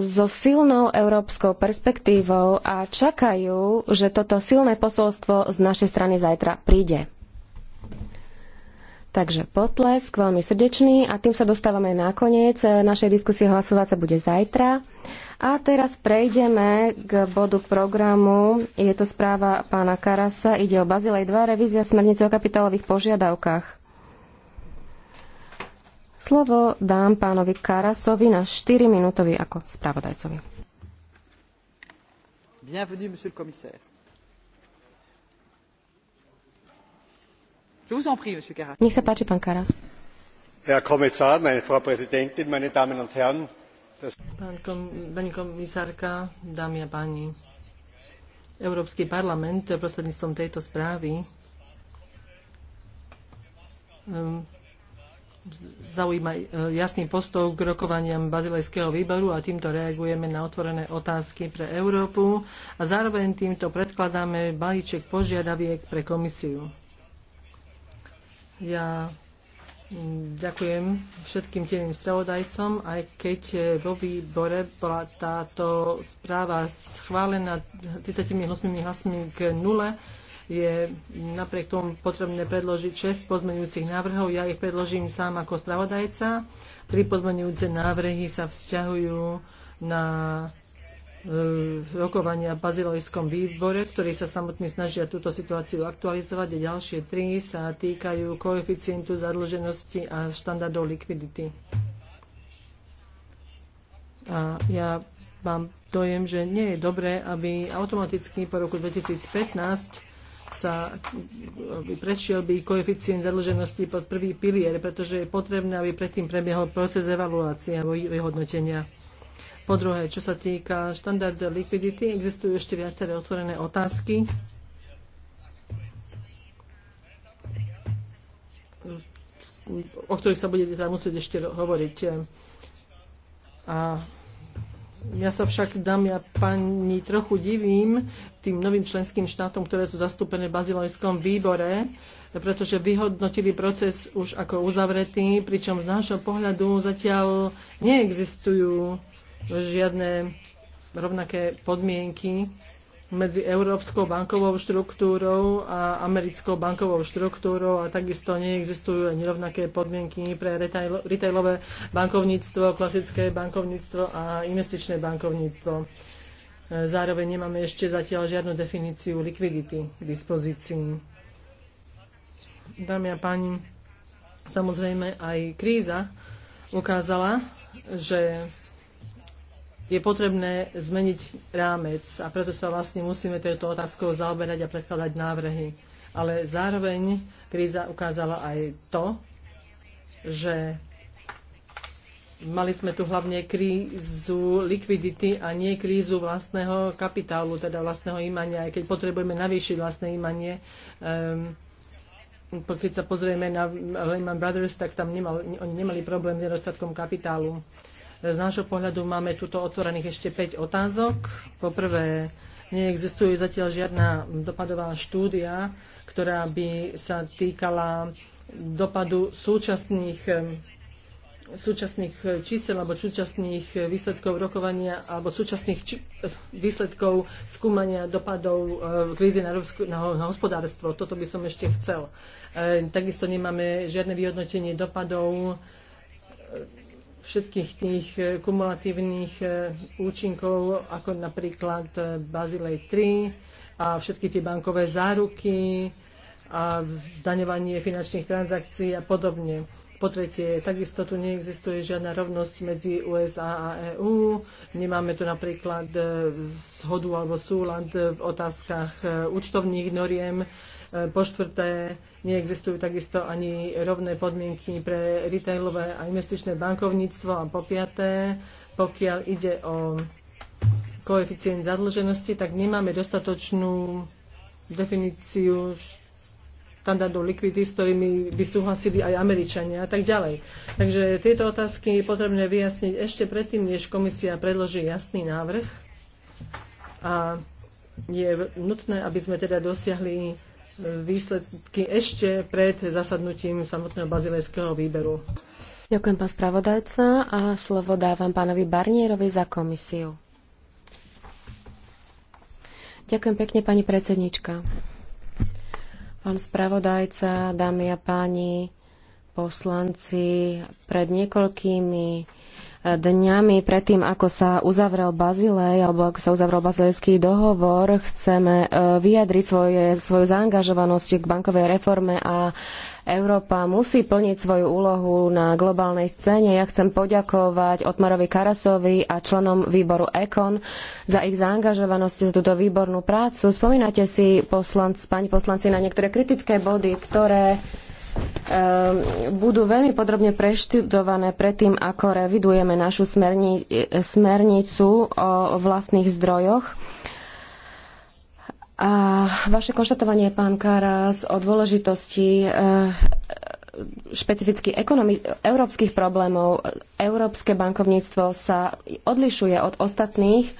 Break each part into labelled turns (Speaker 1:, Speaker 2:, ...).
Speaker 1: so silnou európskou perspektívou a čakajú, že toto silné posolstvo z našej strany zajtra príde. Takže potlesk, veľmi srdečný a tým sa dostávame na koniec. Našej diskusie hlasovať sa bude zajtra. A teraz prejdeme k bodu programu. Je to správa pána Karasa. Ide o Bazilej 2, revízia smernice o kapitálových požiadavkách. Slovo dám pánovi Karasovi na 4 minútovi ako spravodajcovi. Bienvenue, monsieur le commissaire. Je vous en prie, monsieur Karas. Nech sa páči, pán Karas.
Speaker 2: Herr Kommissar, meine Frau Präsidentin, meine Damen und Herren. Das...
Speaker 3: Pán kom, pani komisárka, dámy a páni. Európsky parlament eh, prostredníctvom tejto správy um, zaujíma e, jasný postoj k rokovaniam Bazilejského výboru a týmto reagujeme na otvorené otázky pre Európu a zároveň týmto predkladáme balíček požiadaviek pre komisiu. Ja Ďakujem všetkým tým spravodajcom, aj keď e, vo výbore bola táto správa schválená 38 hlasmi k nule, je napriek tomu potrebné predložiť 6 pozmeňujúcich návrhov. Ja ich predložím sám ako spravodajca. Tri pozmeňujúce návrhy sa vzťahujú na e, rokovania v bazilovskom výbore, ktorí sa samotní snažia túto situáciu aktualizovať a ďalšie tri sa týkajú koeficientu zadlženosti a štandardov likvidity. A ja mám dojem, že nie je dobré, aby automaticky po roku 2015 sa prešiel by koeficient zadlženosti pod prvý pilier, pretože je potrebné, aby predtým prebiehol proces evaluácie a vyhodnotenia. Po druhé, čo sa týka štandard likvidity, existujú ešte viaceré otvorené otázky. o ktorých sa bude teda musieť ešte hovoriť. A ja sa však, dámy a pani, trochu divím tým novým členským štátom, ktoré sú zastúpené v bazilejskom výbore, pretože vyhodnotili proces už ako uzavretý, pričom z nášho pohľadu zatiaľ neexistujú žiadne rovnaké podmienky medzi Európskou bankovou štruktúrou a americkou bankovou štruktúrou a takisto neexistujú ani rovnaké podmienky pre retail, retailové bankovníctvo, klasické bankovníctvo a investičné bankovníctvo. Zároveň nemáme ešte zatiaľ žiadnu definíciu likvidity k dispozícii. Dámy a páni, samozrejme aj kríza ukázala, že je potrebné zmeniť rámec a preto sa vlastne musíme touto otázkou zaoberať a predkladať návrhy. Ale zároveň kríza ukázala aj to, že mali sme tu hlavne krízu likvidity a nie krízu vlastného kapitálu, teda vlastného imania, aj keď potrebujeme navýšiť vlastné imanie. Um, keď sa pozrieme na Lehman Brothers, tak tam nemal, oni nemali problém s nedostatkom kapitálu. Z nášho pohľadu máme tuto otvorených ešte 5 otázok. Poprvé, neexistuje zatiaľ žiadna dopadová štúdia, ktorá by sa týkala dopadu súčasných súčasných čísel alebo súčasných výsledkov rokovania alebo súčasných či- výsledkov skúmania dopadov e, krízy na, Európsku, na, na hospodárstvo. Toto by som ešte chcel. E, takisto nemáme žiadne vyhodnotenie dopadov e, všetkých tých e, kumulatívnych e, účinkov, ako napríklad e, Bazilej 3 a všetky tie bankové záruky a zdaňovanie finančných transakcií a podobne. Po tretie, takisto tu neexistuje žiadna rovnosť medzi USA a EÚ. Nemáme tu napríklad zhodu alebo súlad v otázkach účtovných noriem E, po štvrté, neexistujú takisto ani rovné podmienky pre retailové a investičné bankovníctvo. A po piaté, pokiaľ ide o koeficient zadlženosti, tak nemáme dostatočnú definíciu štandardov likvidy, s ktorými by súhlasili aj Američania a tak ďalej. Takže tieto otázky je potrebné vyjasniť ešte predtým, než komisia predloží jasný návrh. A je nutné, aby sme teda dosiahli výsledky ešte pred zasadnutím samotného bazilejského výberu.
Speaker 1: Ďakujem, pán spravodajca, a slovo dávam pánovi Barnierovi za komisiu. Ďakujem pekne, pani predsednička. Pán spravodajca, dámy a páni, poslanci, pred niekoľkými dňami predtým, ako sa uzavrel Bazilej, alebo ako sa uzavrel bazilejský dohovor, chceme e, vyjadriť svoje, svoju zaangažovanosť k bankovej reforme a Európa musí plniť svoju úlohu na globálnej scéne. Ja chcem poďakovať Otmarovi Karasovi a členom výboru ECON za ich zaangažovanosť, za túto výbornú prácu. Spomínate si, poslanc, pani poslanci, na niektoré kritické body, ktoré Ehm, budú veľmi podrobne preštudované predtým, ako revidujeme našu smerni- smernicu o vlastných zdrojoch. A vaše konštatovanie, pán Karas, o dôležitosti ehm, špecificky ekonomi- európskych problémov, európske bankovníctvo sa odlišuje od ostatných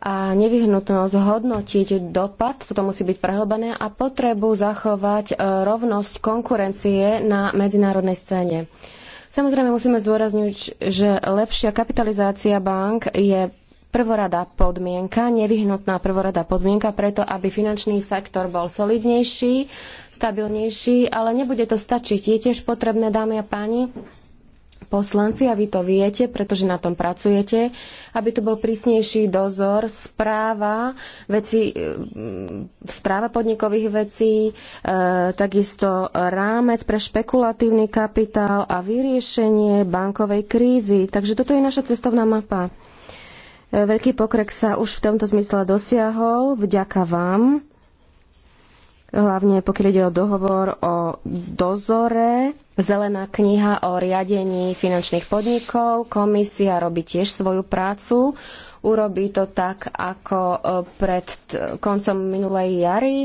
Speaker 1: a nevyhnutnosť hodnotiť dopad, toto musí byť prehlbené, a potrebu zachovať e, rovnosť konkurencie na medzinárodnej scéne. Samozrejme musíme zdôrazniť, že lepšia kapitalizácia bank je prvoradá podmienka, nevyhnutná prvoradá podmienka preto, aby finančný sektor bol solidnejší, stabilnejší, ale nebude to stačiť. Je tiež potrebné, dámy a páni, poslanci, a vy to viete, pretože na tom pracujete, aby tu bol prísnejší dozor, správa, veci, e, správa podnikových vecí, e, takisto rámec pre špekulatívny kapitál a vyriešenie bankovej krízy. Takže toto je naša cestovná mapa. E, veľký pokrek sa už v tomto zmysle dosiahol. Vďaka vám hlavne pokiaľ ide o dohovor o dozore, zelená kniha o riadení finančných podnikov. Komisia robí tiež svoju prácu. Urobí to tak, ako e, pred koncom minulej jary.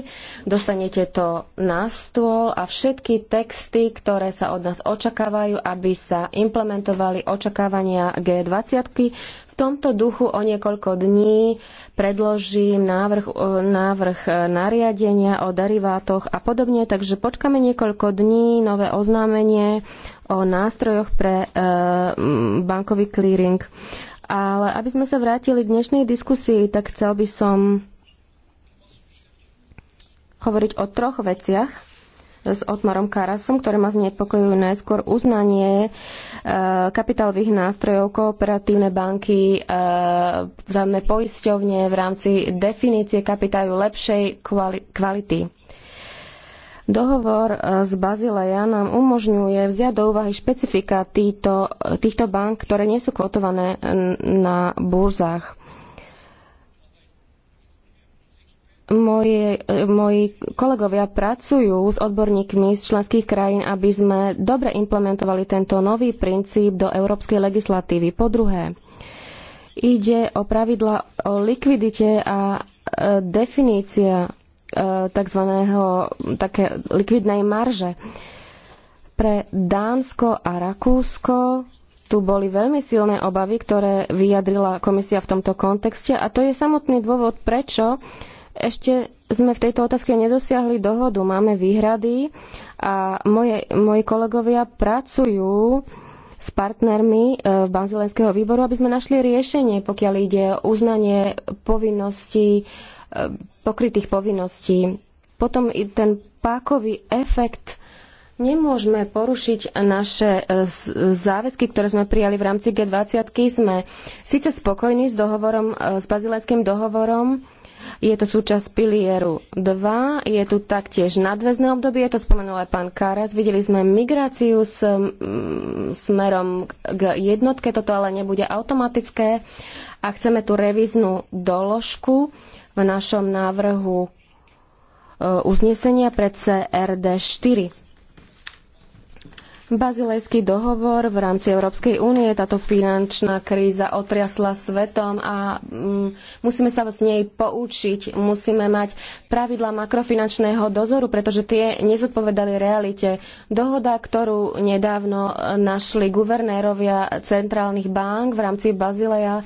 Speaker 1: Dostanete to na stôl a všetky texty, ktoré sa od nás očakávajú, aby sa implementovali očakávania G20, tomto duchu o niekoľko dní predložím návrh, návrh nariadenia o derivátoch a podobne, takže počkáme niekoľko dní, nové oznámenie o nástrojoch pre e, bankový clearing. Ale aby sme sa vrátili k dnešnej diskusii, tak chcel by som hovoriť o troch veciach s Otmarom Karasom, ktoré ma znepokojujú najskôr uznanie e, kapitálových nástrojov, kooperatívne banky, e, vzájomné poisťovne v rámci definície kapitálu lepšej kvali kvality. Dohovor e, z Bazileja nám umožňuje vziať do úvahy špecifika týchto, týchto bank, ktoré nie sú kvotované na burzách moji kolegovia pracujú s odborníkmi z členských krajín, aby sme dobre implementovali tento nový princíp do európskej legislatívy. Po druhé, ide o pravidla o likvidite a e, definícia e, tzv. také likvidnej marže. Pre Dánsko a Rakúsko tu boli veľmi silné obavy, ktoré vyjadrila komisia v tomto kontexte a to je samotný dôvod, prečo ešte sme v tejto otázke nedosiahli dohodu. Máme výhrady a moje, moji kolegovia pracujú s partnermi e, Banzilenského výboru, aby sme našli riešenie, pokiaľ ide o uznanie povinností, e, pokrytých povinností. Potom i ten pákový efekt Nemôžeme porušiť naše e, záväzky, ktoré sme prijali v rámci G20. Sme síce spokojní s dohovorom, s bazilejským dohovorom, je to súčasť pilieru 2, je tu taktiež nadväzné obdobie, to spomenul aj pán Karas. Videli sme migráciu s, smerom k jednotke, toto ale nebude automatické a chceme tú revíznu doložku v našom návrhu e, uznesenia pre CRD 4 Bazilejský dohovor v rámci Európskej únie. Táto finančná kríza otriasla svetom a mm, musíme sa z nej poučiť. Musíme mať pravidla makrofinančného dozoru, pretože tie nezodpovedali realite. Dohoda, ktorú nedávno našli guvernérovia centrálnych bank v rámci Bazileja, e,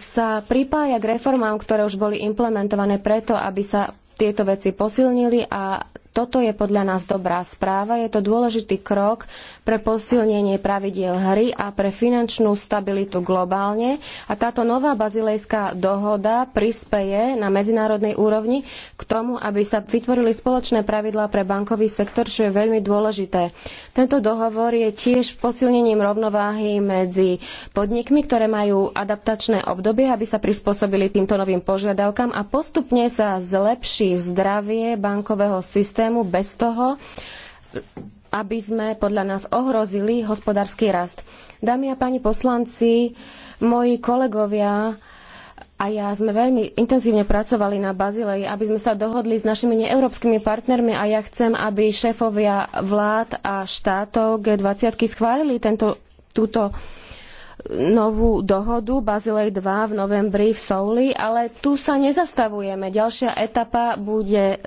Speaker 1: sa pripája k reformám, ktoré už boli implementované preto, aby sa tieto veci posilnili a toto je podľa nás dobrá správa, je to dôležitý krok pre posilnenie pravidiel hry a pre finančnú stabilitu globálne a táto nová bazilejská dohoda prispeje na medzinárodnej úrovni k tomu, aby sa vytvorili spoločné pravidlá pre bankový sektor, čo je veľmi dôležité. Tento dohovor je tiež posilnením rovnováhy medzi podnikmi, ktoré majú adaptačné obdobie, aby sa prispôsobili týmto novým požiadavkám a postupne sa zlepší zdravie bankového systému systému bez toho, aby sme podľa nás ohrozili hospodársky rast. Dámy a páni poslanci, moji kolegovia a ja sme veľmi intenzívne pracovali na Bazileji, aby sme sa dohodli s našimi neeurópskymi partnermi a ja chcem, aby šéfovia vlád a štátov G20 schválili tento, túto novú dohodu Bazilej 2 v novembri v Souli, ale tu sa nezastavujeme. Ďalšia etapa bude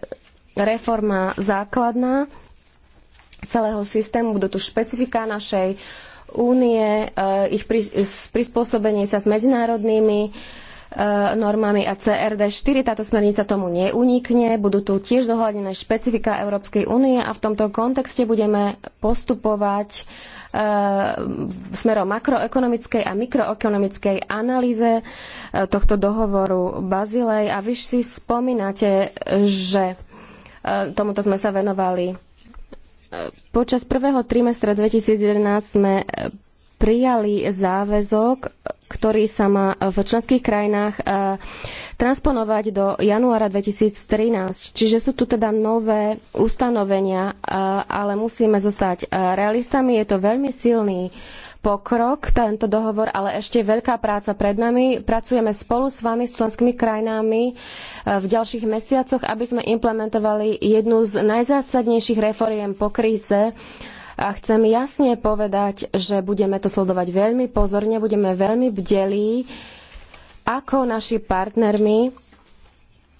Speaker 1: reforma základná celého systému, budú tu špecifika našej únie, e, ich prispôsobenie sa s medzinárodnými e, normami a CRD 4. Táto smernica tomu neunikne. Budú tu tiež zohľadnené špecifika Európskej únie a v tomto kontexte budeme postupovať e, smerom makroekonomickej a mikroekonomickej analýze tohto dohovoru Bazilej. A vy si spomínate, že E, tomuto sme sa venovali. E, počas prvého trimestra 2011 sme e, prijali záväzok, ktorý sa má v členských krajinách transponovať do januára 2013. Čiže sú tu teda nové ustanovenia, ale musíme zostať realistami. Je to veľmi silný pokrok, tento dohovor, ale ešte veľká práca pred nami. Pracujeme spolu s vami, s členskými krajinami e, v ďalších mesiacoch, aby sme implementovali jednu z najzásadnejších reforiem po kríze. A chcem jasne povedať, že budeme to sledovať veľmi pozorne, budeme veľmi bdelí, ako naši partnermi,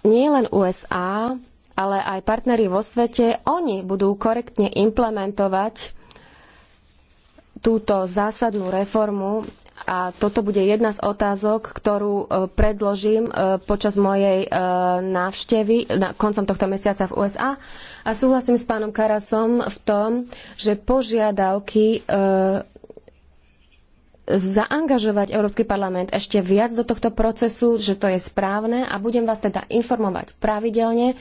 Speaker 1: nielen USA, ale aj partneri vo svete, oni budú korektne implementovať túto zásadnú reformu a toto bude jedna z otázok, ktorú e, predložím e, počas mojej e, návštevy koncom tohto mesiaca v USA. A súhlasím s pánom Karasom v tom, že požiadavky zaangažovať Európsky parlament ešte viac do tohto procesu, že to je správne a budem vás teda informovať pravidelne,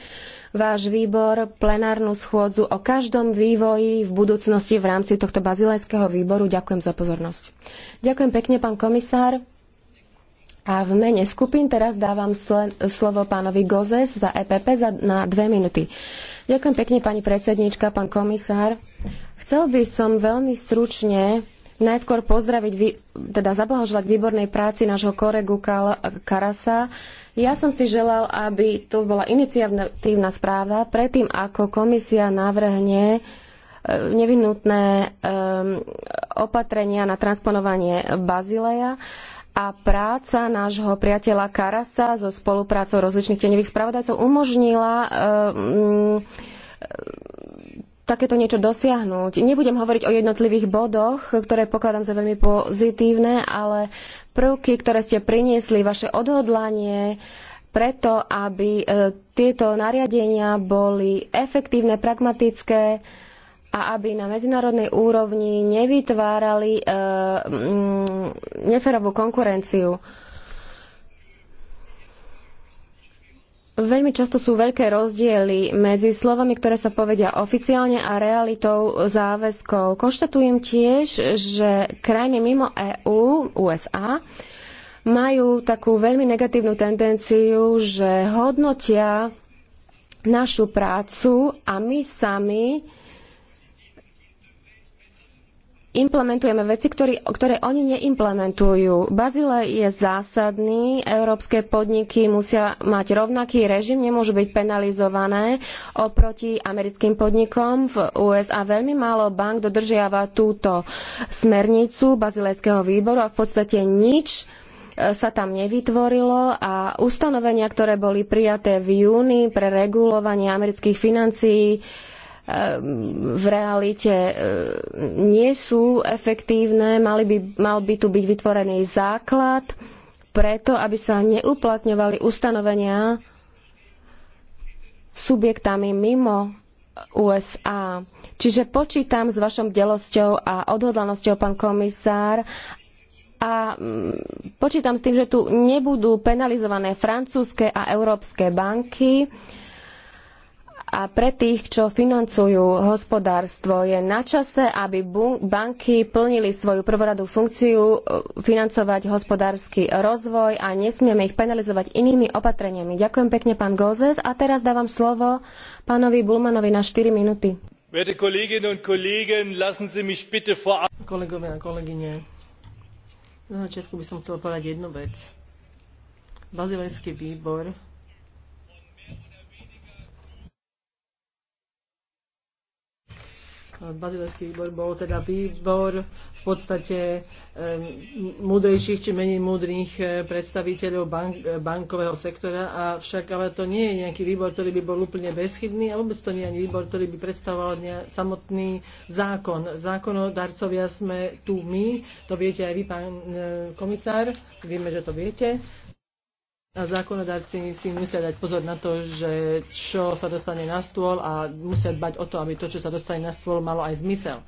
Speaker 1: váš výbor, plenárnu schôdzu o každom vývoji v budúcnosti v rámci tohto bazilejského výboru. Ďakujem za pozornosť. Ďakujem pekne, pán komisár. A v mene skupín teraz dávam slovo pánovi Gozes za EPP za, na dve minúty. Ďakujem pekne, pani predsednička, pán komisár. Chcel by som veľmi stručne najskôr pozdraviť, teda zablahoželať k výbornej práci nášho koregu Karasa. Ja som si želal, aby to bola iniciatívna správa predtým, ako komisia navrhne e, nevyhnutné opatrenia na transponovanie Bazileja a práca nášho priateľa Karasa so spoluprácou rozličných teňových spravodajcov umožnila takéto niečo dosiahnuť. Nebudem hovoriť o jednotlivých bodoch, ktoré pokladám za veľmi pozitívne, ale prvky, ktoré ste priniesli, vaše odhodlanie preto, aby e, tieto nariadenia boli efektívne, pragmatické a aby na medzinárodnej úrovni nevytvárali e, neferovú konkurenciu. veľmi často sú veľké rozdiely medzi slovami, ktoré sa povedia oficiálne a realitou záväzkov. Konštatujem tiež, že krajiny mimo EÚ, USA, majú takú veľmi negatívnu tendenciu, že hodnotia našu prácu a my sami implementujeme veci, ktorý, ktoré oni neimplementujú. Bazile je zásadný, európske podniky musia mať rovnaký režim, nemôžu byť penalizované oproti americkým podnikom. V USA veľmi málo bank dodržiava túto smernicu Bazilejského výboru a v podstate nič e, sa tam nevytvorilo a ustanovenia, ktoré boli prijaté v júni pre regulovanie amerických financií, v realite e, nie sú efektívne. Mali by, mal by tu byť vytvorený základ preto, aby sa neuplatňovali ustanovenia subjektami mimo USA. Čiže počítam s vašou delosťou a odhodlanosťou, pán komisár, a mm, počítam s tým, že tu nebudú penalizované francúzske a európske banky. A pre tých, čo financujú hospodárstvo, je na čase, aby banky plnili svoju prvoradú funkciu e, financovať hospodársky rozvoj a nesmieme ich penalizovať inými opatreniami. Ďakujem pekne, pán Gozes. A teraz dávam slovo pánovi Bulmanovi na 4 minúty.
Speaker 3: Kolegovia a kolegyne, na začiatku by som chcela povedať jednu vec. Bazilejský výbor Bazilejský výbor bol teda výbor v podstate múdrejších či menej múdrých eh, predstaviteľov bank, eh, bankového sektora, avšak ale to nie je nejaký výbor, ktorý by bol úplne bezchybný a vôbec to nie je ani výbor, ktorý by predstavoval samotný zákon. Zákonodarcovia sme tu my, to viete aj vy, pán eh, komisár, vieme, že to viete a zákonodárci si musia dať pozor na to, že čo sa dostane na stôl a musia dbať o to, aby to, čo sa dostane na stôl, malo aj zmysel.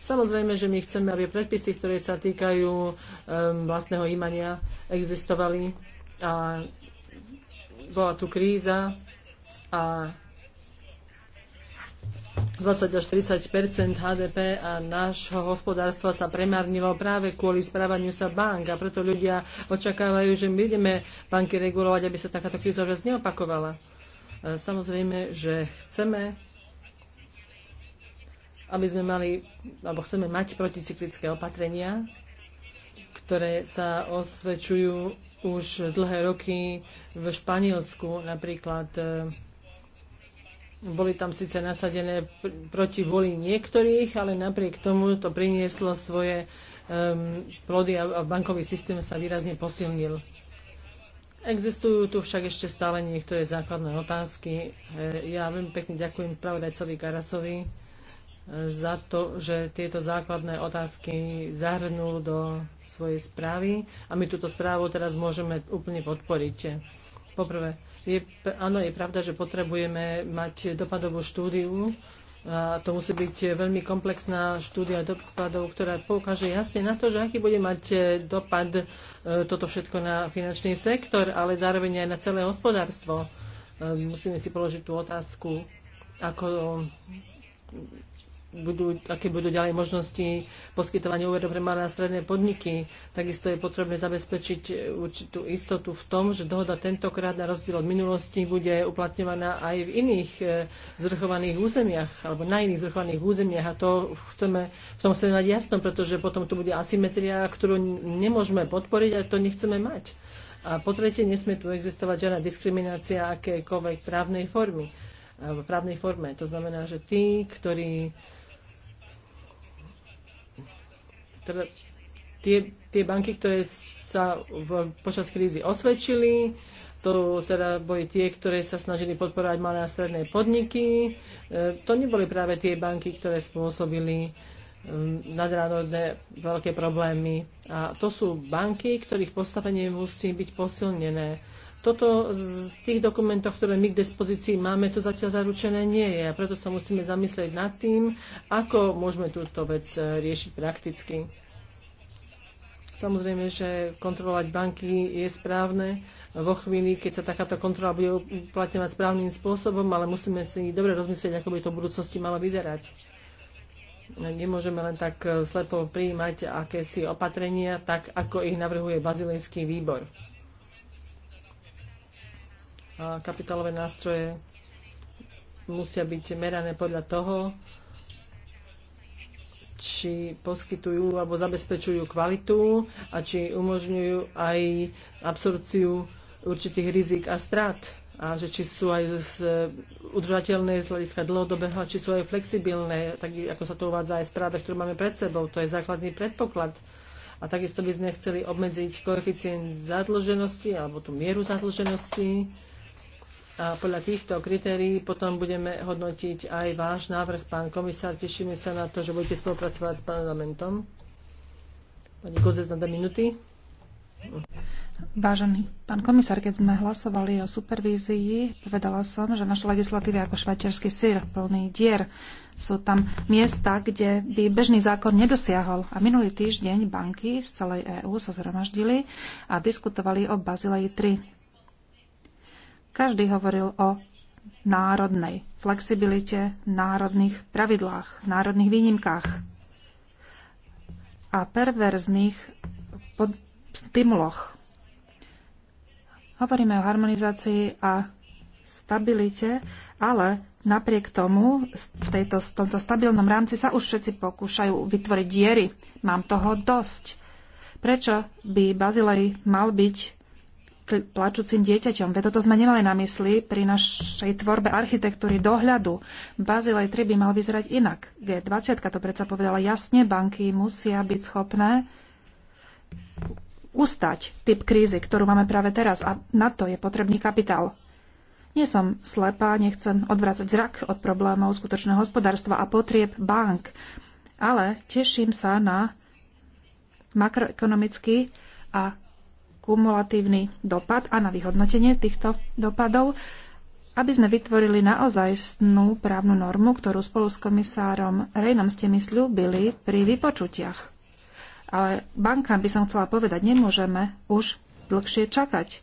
Speaker 3: Samozrejme, že my chceme, aby predpisy, ktoré sa týkajú um, vlastného imania, existovali. A bola tu kríza a 20 až 30 HDP a nášho hospodárstva sa premárnilo práve kvôli správaniu sa bank a preto ľudia očakávajú, že my ideme banky regulovať, aby sa takáto kríza vôbec neopakovala. E, samozrejme, že chceme aby sme mali, alebo chceme mať proticyklické opatrenia, ktoré sa osvedčujú už dlhé roky v Španielsku. Napríklad e, boli tam síce nasadené proti voli niektorých, ale napriek tomu to prinieslo svoje um, plody a, a bankový systém sa výrazne posilnil. Existujú tu však ešte stále niektoré základné otázky. E, ja veľmi pekne ďakujem pravodajcovi Karasovi e, za to, že tieto základné otázky zahrnul do svojej správy a my túto správu teraz môžeme úplne podporiť. Poprvé, je, áno, je pravda, že potrebujeme mať dopadovú štúdiu, a to musí byť veľmi komplexná štúdia dopadov, ktorá poukáže jasne na to, že aký bude mať e, dopad e, toto všetko na finančný sektor, ale zároveň aj na celé hospodárstvo. E, musíme si položiť tú otázku, ako budú, aké budú ďalej možnosti poskytovania úverov pre malé a stredné podniky. Takisto je potrebné zabezpečiť určitú istotu v tom, že dohoda tentokrát na rozdiel od minulosti bude uplatňovaná aj v iných e, zrchovaných územiach alebo na iných zrchovaných územiach a to chceme, v tom chceme mať jasno, pretože potom tu bude asymetria, ktorú nemôžeme podporiť a to nechceme mať. A po tretie, nesmie tu existovať žiadna diskriminácia akékoľvek právnej formy e, v právnej forme. To znamená, že tí, ktorí teda tie, tie banky, ktoré sa v, počas krízy osvedčili, to teda boli tie, ktoré sa snažili podporovať malé a stredné podniky. E, to neboli práve tie banky, ktoré spôsobili e, nadnárodné veľké problémy. A to sú banky, ktorých postavenie musí byť posilnené. Toto z tých dokumentov, ktoré my k dispozícii máme, to zatiaľ zaručené nie je. A preto sa musíme zamyslieť nad tým, ako môžeme túto vec e, riešiť prakticky. Samozrejme, že kontrolovať banky je správne vo chvíli, keď sa takáto kontrola bude uplatňovať správnym spôsobom, ale musíme si dobre rozmyslieť, ako by to v budúcnosti malo vyzerať. Nemôžeme len tak e, slepo prijímať akési opatrenia, tak ako ich navrhuje bazilejský výbor kapitálové nástroje musia byť merané podľa toho, či poskytujú alebo zabezpečujú kvalitu a či umožňujú aj absorpciu určitých rizik a strát a že či sú aj z, udržateľné z hľadiska dlhodobého, či sú aj flexibilné, tak ako sa to uvádza aj v správe, ktorú máme pred sebou. To je základný predpoklad. A takisto by sme chceli obmedziť koeficient zadlženosti alebo tú mieru zadlženosti a podľa týchto kritérií potom budeme hodnotiť aj váš návrh, pán komisár. Tešíme sa na to, že budete spolupracovať s parlamentom. Pani Kozec na dve minúty.
Speaker 2: Vážený pán komisár, keď sme hlasovali o supervízii, povedala som, že naša legislatíva je ako švajčiarsky syr, plný dier. Sú tam miesta, kde by bežný zákon nedosiahol. A minulý týždeň banky z celej EÚ sa zhromaždili a diskutovali o Bazilei 3 každý hovoril o národnej flexibilite, národných pravidlách, národných výnimkách a perverzných stimuloch. Hovoríme o harmonizácii a stabilite, ale napriek tomu v, tejto, v tomto stabilnom rámci sa už všetci pokúšajú vytvoriť diery. Mám toho dosť. Prečo by Bazilej mal byť plačúcim dieťaťom. Veď toto sme nemali na mysli pri našej tvorbe architektúry dohľadu. Bazilej 3 by mal vyzerať inak. G20 to predsa povedala jasne, banky musia byť schopné ustať typ krízy, ktorú máme práve teraz a na to je potrebný kapitál. Nie som slepá, nechcem odvrácať zrak od problémov skutočného hospodárstva a potrieb bank, ale teším sa na makroekonomický a kumulatívny dopad a na vyhodnotenie týchto dopadov, aby sme vytvorili snú právnu normu, ktorú spolu s komisárom Rejnom ste mi slúbili pri vypočutiach. Ale bankám by som chcela povedať, nemôžeme už dlhšie čakať,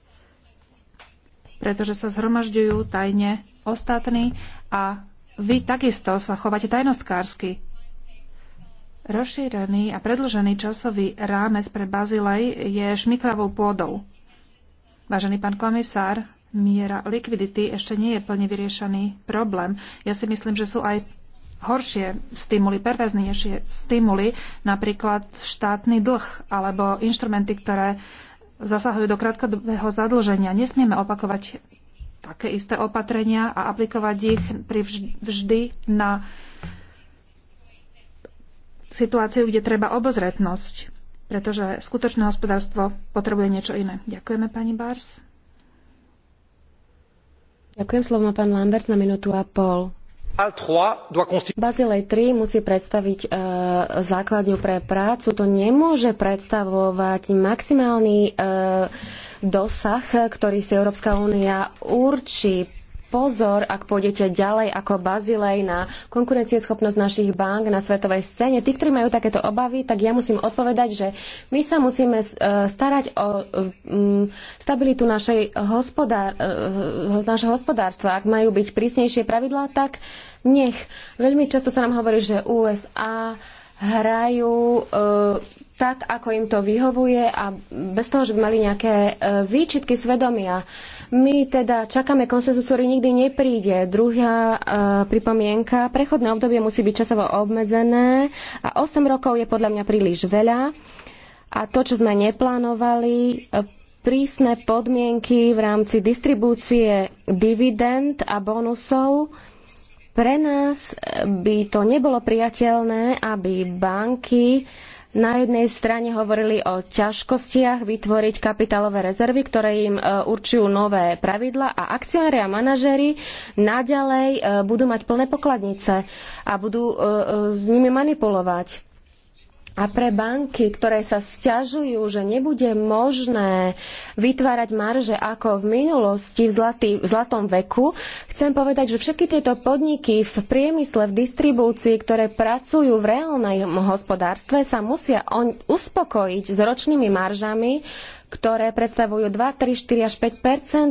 Speaker 2: pretože sa zhromažďujú tajne ostatní a vy takisto sa chovate tajnostkársky Rozšírený a predlžený časový rámec pre Bazilej je šmikravou pôdou. Vážený pán komisár, miera likvidity ešte nie je plne vyriešený problém. Ja si myslím, že sú aj horšie stimuly, perverznejšie stimuly, napríklad štátny dlh alebo inštrumenty, ktoré zasahujú do krátkodobého zadlženia. Nesmieme opakovať také isté opatrenia a aplikovať ich pri vždy na situáciu, kde treba obozretnosť, pretože skutočné hospodárstvo
Speaker 1: potrebuje niečo iné. Ďakujeme, pani Bars. Ďakujem slovo pán Lambert na minútu a pol. Bazilej 3 musí predstaviť e, základňu pre prácu. To nemôže predstavovať maximálny e, dosah, ktorý si Európska únia určí pozor, ak pôjdete ďalej ako Bazilej na konkurencieschopnosť našich bank na svetovej scéne. Tí, ktorí majú takéto obavy, tak ja musím odpovedať, že my sa musíme e, starať o mm, stabilitu našej hospodár, e, e, našho hospodárstva. Ak majú byť prísnejšie pravidlá, tak nech. Veľmi často sa nám hovorí, že USA hrajú e, tak, ako im to vyhovuje a bez toho, že by mali nejaké e, výčitky svedomia. My teda čakáme konsenzus, ktorý nikdy nepríde. Druhá e, pripomienka, prechodné obdobie musí byť časovo obmedzené a 8 rokov je podľa mňa príliš veľa a to, čo sme neplánovali, e, prísne podmienky v rámci distribúcie dividend a bonusov pre nás by to nebolo priateľné, aby banky na jednej strane hovorili o ťažkostiach vytvoriť kapitálové rezervy, ktoré im e, určujú nové pravidlá a akcionári a manažéri naďalej e, budú mať plné pokladnice a budú e, s nimi manipulovať. A pre banky, ktoré sa sťažujú, že nebude možné vytvárať marže ako v minulosti v, zlatý, v zlatom veku, chcem povedať, že všetky tieto podniky v priemysle, v distribúcii, ktoré pracujú v reálnom hospodárstve, sa musia on, uspokojiť s ročnými maržami, ktoré predstavujú 2, 3, 4 až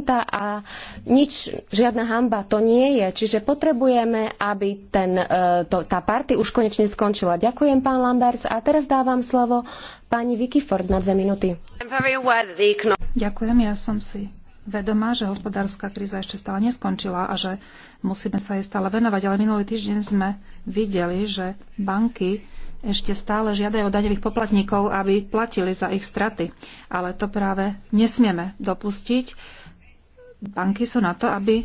Speaker 1: 5 a nič, žiadna hamba to nie je. Čiže potrebujeme, aby ten, e, to, tá party už konečne skončila. Ďakujem, pán Lamberts. A teraz dávam slovo pani Vicky Ford na dve minúty.
Speaker 2: Ďakujem, ja som si vedomá, že hospodárska kríza ešte stále neskončila a že musíme sa jej stále venovať. Ale minulý týždeň sme videli, že banky ešte stále žiadajú daňových poplatníkov, aby platili za ich straty. Ale to práve nesmieme dopustiť. Banky sú na to, aby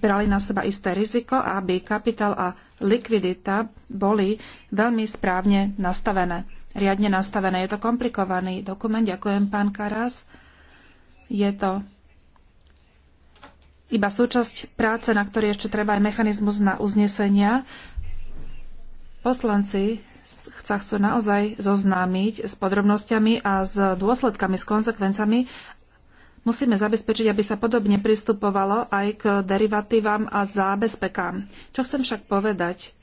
Speaker 2: brali na seba isté riziko a aby kapitál a likvidita boli veľmi správne nastavené, riadne nastavené. Je to komplikovaný dokument. Ďakujem, pán Karas. Je to iba súčasť práce, na ktorý ešte treba aj mechanizmus na uznesenia. Poslanci sa chcú naozaj zoznámiť s podrobnosťami a s dôsledkami, s konsekvencami, musíme zabezpečiť, aby sa podobne pristupovalo aj k derivatívam a zábezpekám. Čo chcem však povedať?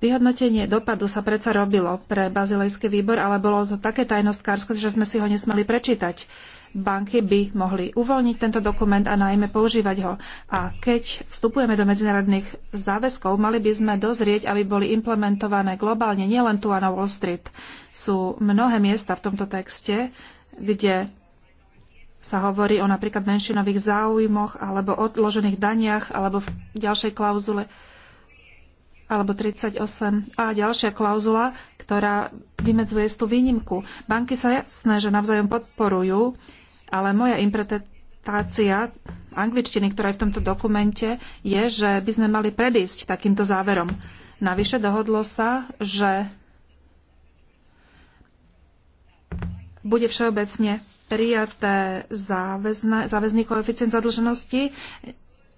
Speaker 2: Vyhodnotenie dopadu sa predsa robilo pre bazilejský výbor, ale bolo to také tajnostkárske, že sme si ho nesmeli prečítať banky by mohli uvoľniť tento dokument a najmä používať ho. A keď vstupujeme do medzinárodných záväzkov, mali by sme dozrieť, aby boli implementované globálne, nielen tu a na Wall Street. Sú mnohé miesta v tomto texte, kde sa hovorí o napríklad menšinových záujmoch alebo odložených daniach alebo v ďalšej klauzule alebo 38 a ďalšia klauzula, ktorá vymedzuje tú výnimku. Banky sa jasné, že navzájom podporujú, ale moja interpretácia angličtiny, ktorá je v tomto dokumente, je, že by sme mali predísť takýmto záverom. Navyše dohodlo sa, že bude všeobecne prijaté záväzne, záväzný koeficient zadlženosti.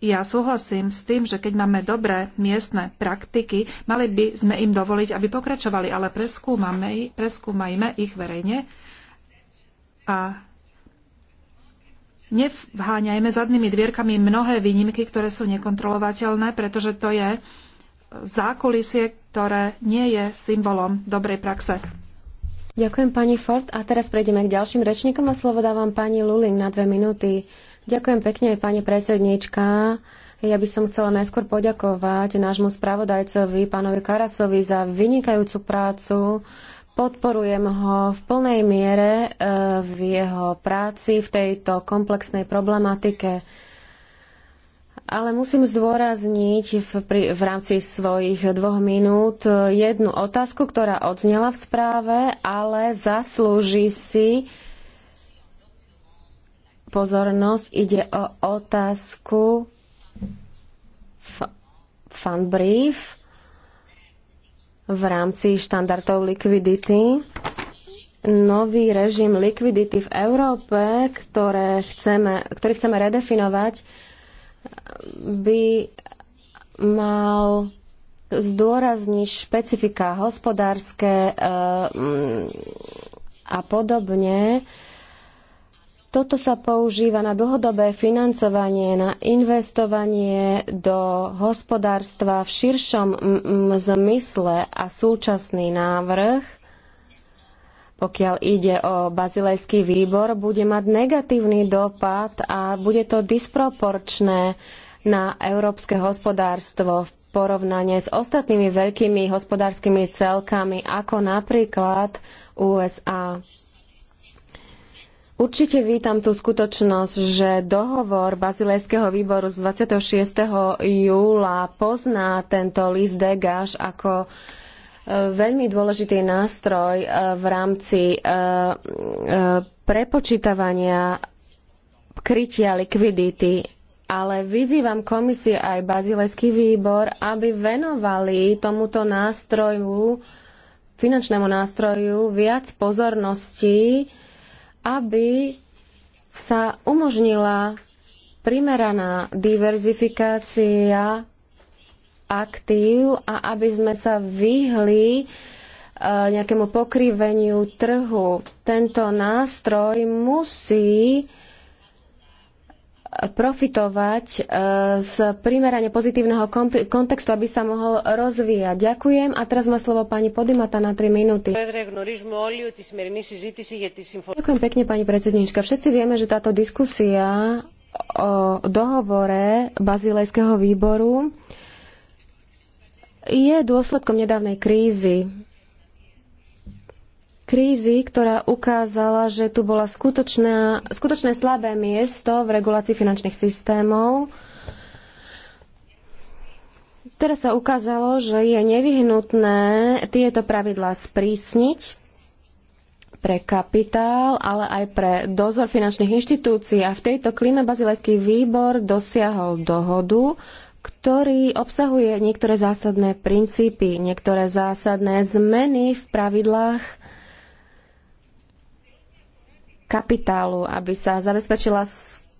Speaker 2: Ja súhlasím s tým, že keď máme dobré miestne praktiky, mali by sme im dovoliť, aby pokračovali, ale preskúmajme ich verejne a nevháňajme zadnými dvierkami mnohé výnimky, ktoré sú nekontrolovateľné, pretože to je zákulisie, ktoré nie je symbolom dobrej praxe.
Speaker 1: Ďakujem pani Ford a teraz prejdeme k ďalším rečníkom a slovo dávam pani Luling na dve minúty. Ďakujem pekne, pani predsedníčka. Ja by som chcela najskôr poďakovať nášmu spravodajcovi, pánovi Karasovi za vynikajúcu prácu Podporujem ho v plnej miere e, v jeho práci v tejto komplexnej problematike. Ale musím zdôrazniť v, pri, v rámci svojich dvoch minút e, jednu otázku, ktorá odznela v správe, ale zaslúži si pozornosť. Ide o otázku fan brief v rámci štandardov likvidity. Nový režim likvidity v Európe, ktoré chceme, ktorý chceme redefinovať, by mal zdôrazniť špecifika hospodárske eh, a podobne toto sa používa na dlhodobé financovanie, na investovanie do hospodárstva v širšom zmysle a súčasný návrh, pokiaľ ide o bazilejský výbor, bude mať negatívny dopad a bude to disproporčné na európske hospodárstvo v porovnanie s ostatnými veľkými hospodárskymi celkami, ako napríklad USA. Určite vítam tú skutočnosť, že dohovor Bazilejského výboru z 26. júla pozná tento list Degas ako e, veľmi dôležitý nástroj e, v rámci e, prepočítavania krytia likvidity ale vyzývam komisie aj Bazilejský výbor, aby venovali tomuto nástroju, finančnému nástroju, viac pozornosti, aby sa umožnila primeraná diverzifikácia aktív a aby sme sa vyhli e, nejakému pokriveniu trhu. Tento nástroj musí profitovať e, z primerane pozitívneho kontextu, aby sa mohol rozvíjať. Ďakujem a teraz má slovo pani Podimata na 3 minúty. Ďakujem pekne, pani predsednička. Všetci vieme, že táto diskusia o dohovore Bazilejského výboru je dôsledkom nedávnej krízy krízy, ktorá ukázala, že tu bola skutočná, skutočné slabé miesto v regulácii finančných systémov. Teraz sa ukázalo, že je nevyhnutné tieto pravidlá sprísniť pre kapitál, ale aj pre dozor finančných inštitúcií. A v tejto klíme Bazilejský výbor dosiahol dohodu, ktorý obsahuje niektoré zásadné princípy, niektoré zásadné zmeny v pravidlách kapitálu, aby sa zabezpečila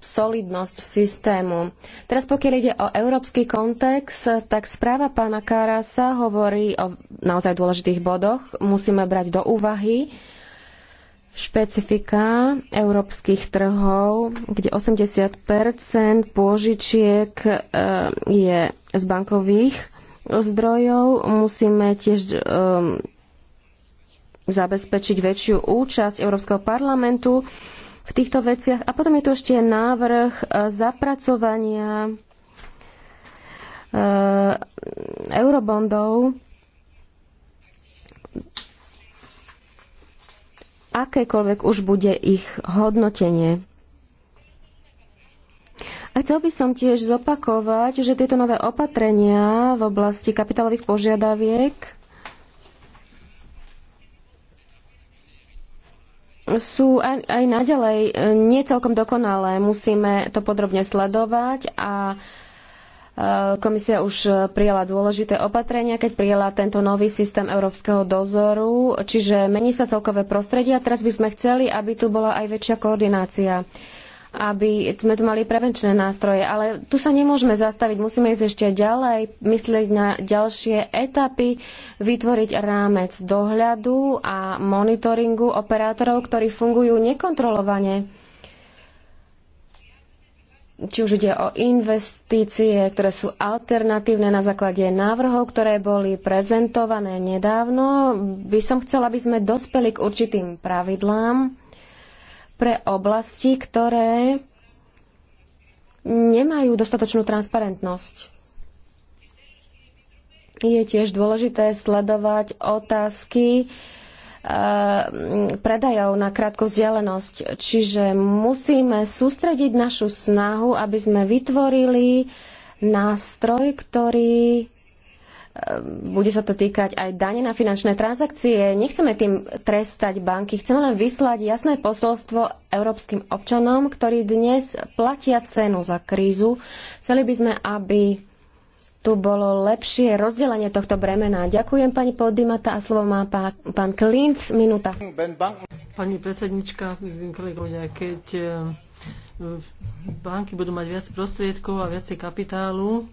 Speaker 1: solidnosť systému. Teraz pokiaľ ide o európsky kontext, tak správa pána Karasa hovorí o naozaj dôležitých bodoch. Musíme brať do úvahy špecifika európskych trhov, kde 80 pôžičiek e, je z bankových zdrojov. Musíme tiež um, zabezpečiť väčšiu účasť Európskeho parlamentu v týchto veciach. A potom je tu ešte návrh e, zapracovania e, eurobondov akékoľvek už bude ich hodnotenie. A chcel by som tiež zopakovať, že tieto nové opatrenia v oblasti kapitálových požiadaviek sú aj, aj naďalej e, nie celkom dokonalé. Musíme to podrobne sledovať a e, Komisia už prijala dôležité opatrenia, keď prijala tento nový systém európskeho dozoru, čiže mení sa celkové prostredie a teraz by sme chceli, aby tu bola aj väčšia koordinácia aby sme tu mali prevenčné nástroje. Ale tu sa nemôžeme zastaviť, musíme ísť ešte ďalej, myslieť na ďalšie etapy, vytvoriť rámec dohľadu a monitoringu operátorov, ktorí fungujú nekontrolovane či už ide o investície, ktoré sú alternatívne na základe návrhov, ktoré boli prezentované nedávno. By som chcela, aby sme dospeli k určitým pravidlám, pre oblasti, ktoré nemajú dostatočnú transparentnosť. Je tiež dôležité sledovať otázky eh, predajov na krátku vzdialenosť. Čiže musíme sústrediť našu snahu, aby sme vytvorili nástroj, ktorý Ehm, bude sa to týkať aj dane na finančné transakcie. Nechceme tým trestať banky, chceme len vyslať jasné posolstvo európskym občanom, ktorí dnes platia cenu za krízu. Chceli by sme, aby tu bolo lepšie rozdelenie tohto bremena. Ďakujem pani Podimata a slovo má pán, pán Klinc. Minúta.
Speaker 3: Pani predsednička, kolegovia, keď ehm, banky budú mať viac prostriedkov a viacej kapitálu,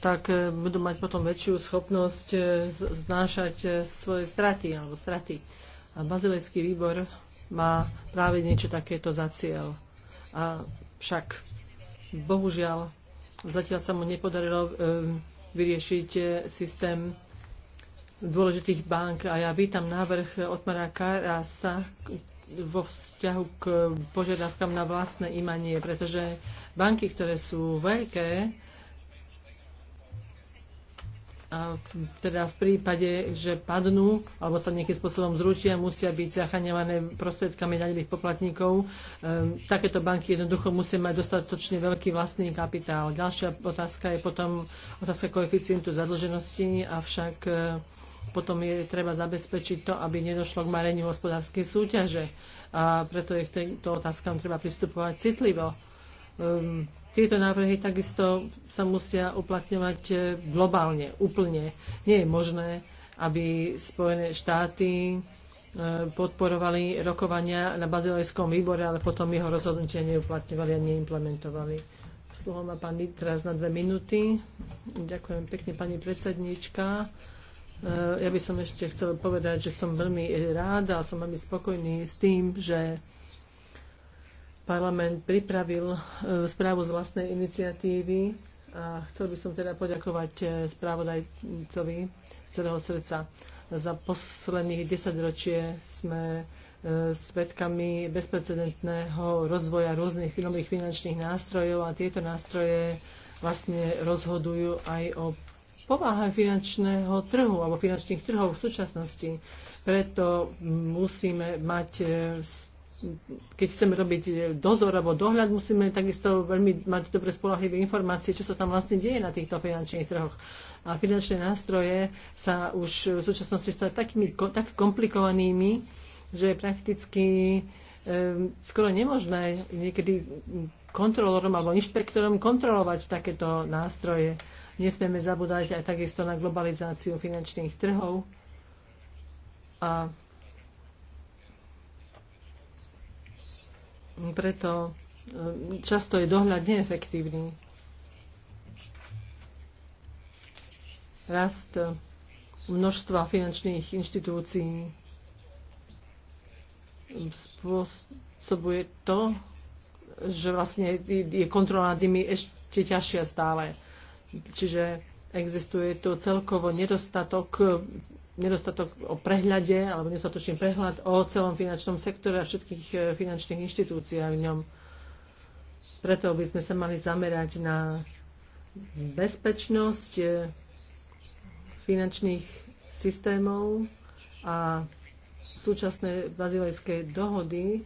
Speaker 3: tak e, budú mať potom väčšiu schopnosť e, znášať e, svoje straty alebo straty. A bazilejský výbor má práve niečo takéto za cieľ. A však bohužiaľ zatiaľ sa mu nepodarilo vyriešiť systém dôležitých bank a ja vítam návrh Otmara Karasa vo vzťahu k požiadavkám na vlastné imanie, pretože banky, ktoré sú veľké, teda v prípade, že padnú alebo sa nejakým spôsobom zručia, musia byť zachraňované prostriedkami daňových poplatníkov. Ehm, takéto banky jednoducho musia mať dostatočne veľký vlastný kapitál. Ďalšia otázka je potom otázka koeficientu zadlženosti, avšak e, potom je treba zabezpečiť to, aby nedošlo k mareniu hospodárskej súťaže. A preto je k tejto otázkam treba pristupovať citlivo. Um, tieto návrhy takisto sa musia uplatňovať e, globálne, úplne. Nie je možné, aby Spojené štáty e, podporovali rokovania na bazilejskom výbore, ale potom jeho rozhodnutia neuplatňovali a neimplementovali. Sluho má pán teraz na dve minúty. Ďakujem pekne, pani predsedníčka. E, ja by som ešte chcel povedať, že som veľmi rád a som veľmi spokojný s tým, že parlament pripravil e, správu z vlastnej iniciatívy a chcel by som teda poďakovať e, správodajcovi z celého srdca. Za posledných desaťročie sme e, svedkami bezprecedentného rozvoja rôznych nových finančných nástrojov a tieto nástroje vlastne rozhodujú aj o povahe finančného trhu alebo finančných trhov v súčasnosti. Preto musíme mať keď chceme robiť e, dozor alebo dohľad, musíme takisto veľmi mať dobre spolahlivé informácie, čo sa tam vlastne deje na týchto finančných trhoch. A finančné nástroje sa už v súčasnosti stali takými, tak komplikovanými, že je prakticky um, skoro nemožné niekedy kontrolorom alebo inšpektorom kontrolovať takéto nástroje. Nesmieme zabúdať aj takisto na globalizáciu finančných trhov. A Preto e, často je dohľad neefektívny. Rast e, množstva finančných inštitúcií e, spôsobuje to, že vlastne je kontrola nad nimi ešte ťažšia stále. Čiže existuje tu celkovo nedostatok nedostatok o prehľade alebo nedostatočný prehľad o celom finančnom sektore a všetkých e, finančných inštitúciách v ňom. Preto by sme sa mali zamerať na bezpečnosť e, finančných systémov a súčasné bazilejské dohody,